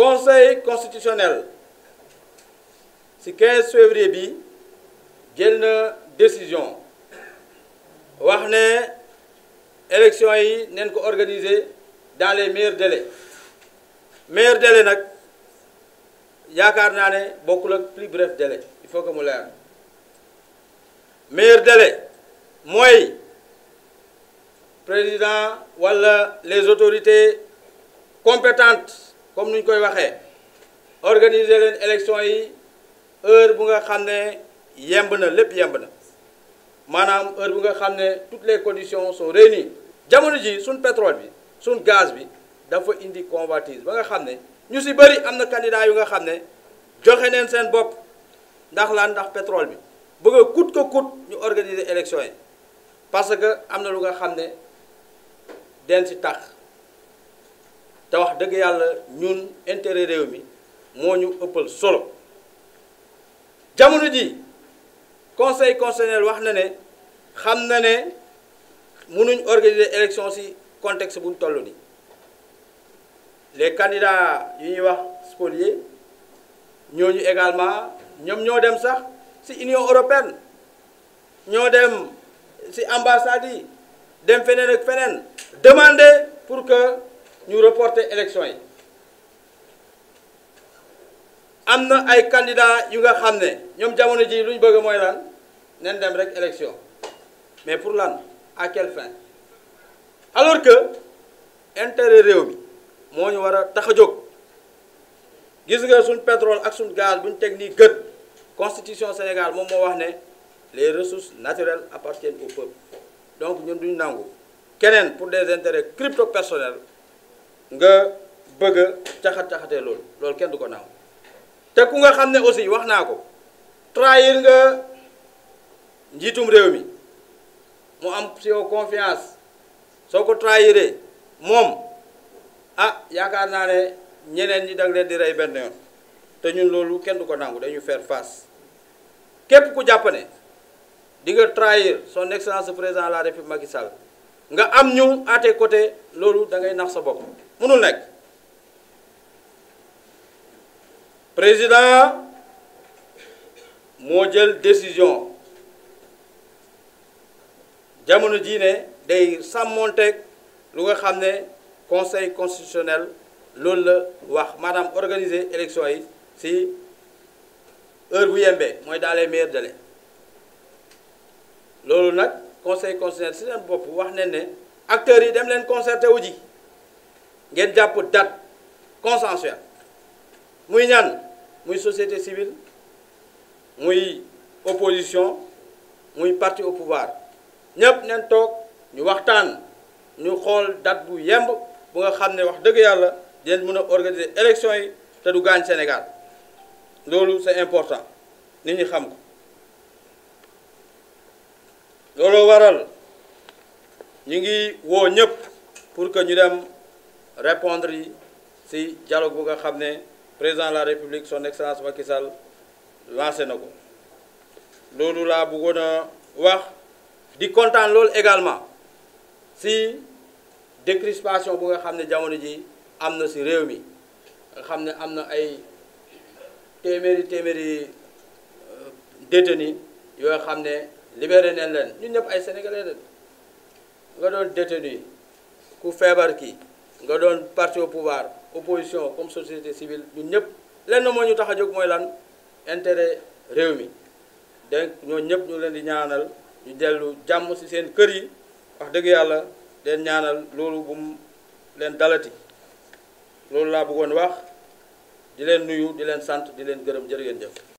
conseil constitutionnel Si 15 février y a une décision Nous avons élection l'élection organisée dans les meilleurs délais meilleurs délais il y a plus brefs. délais. il faut que mu Les meilleur délai moi, président ou les autorités compétentes comme ñu koy waxee organiser leen élection yi heure bu nga xam ne yemb na lépp yemb na maanaam heure bu nga xam ne toutes les conditions sont réunies jamono ji suñ pétrole bi suñ gaz bi dafa indi convoitise ba nga xam ne ñu si bari am na candidat yu nga xam ne joxe neen seen bopp ndax laa ndax pétrole bi bëgg a coûte que ñu organiser élection yi parce que am na lu nga xam ne den si tax te wax dëgg yàlla ñun intérêt réew mi moo ñu ëppal solo jamono ji conseil constitutionnel wax na ne xam na ne mënuñ organiser élection ci contexte buñ toll ni les candidats yu ñuy wax spoliés également ñoom ñoo dem sax ci Union européenne ñoo dem ci ambassade yi dem feneen ak feneen demander pour que nous reporter l'élection. Nous avons un ay candidats qui ont été ne ñoom ji lu bëgg nen mais pour lan à quelle fin alors que l'intérêt est mi moo ñu que a pétrole et le gaz buñ technique. constitution Sénégal mon que les ressources naturelles appartiennent au peuple donc nous avons nangu pour des intérêts crypto personnels nga bëgg a taxate lool lool kenn du ko naaw te ku nga xam aussi wax naa ko trahir nga njitum réew mi mu am ci yow confiance soko trahiré mom ah yaakaar naa ne ñeneen ñi da nga leen di rey benn yoon te ñun loolu kenn du ko nangu dañu faire face képp ku jàpp ne di nga trahir son excellence président la république Macky Sall nga am ñu à tes côtés loolu da ngay nax sa bopp mënul nekk président moo jël décision jamono jii ne day sàmmonteeg lu nga xam ne conseil constitutionnel loolu la wax maanaam organiser élection yi si heure bu yembee mooy dans les meilleurs loolu nag conseil constitutionnel si un pouvoir, acteurs yi dem leen concerté wu date consensuelle société civile opposition parti au pouvoir ñëpp neen ñu waxtaan Nous date yemb bu nga wax organiser Sénégal c'est important Nous savons looloo waral ñi ngi wo ñep pour que ñu dem répondre ci dialogue bu nga xamné président de la république son excellence Macky Sall lancé na ko loolu laa wax di kontaan lool également ci décrispation bu nga xamné ne jamono ji amna ci réew mi xamné amna ay téeméeri téeméeri euh, détenu yo xamné libéré neen leen ñun ñëpp ay sénégalais leen nga doon détenu ku feebar ki nga doon parti oposition pouvoir comme société civile ñun ñëpp lenn moo ñu tax a jóg mooy lan intérêt réew mi donc ñoo ñëpp ñu leen di ñaanal ñu dellu jàmm ci seen kër yi wax dëgg yàlla leen ñaanal loolu bu leen dalati loolu laa bëggoon wax di leen nuyu di leen sant di leen gërëm jërë ngeen jëf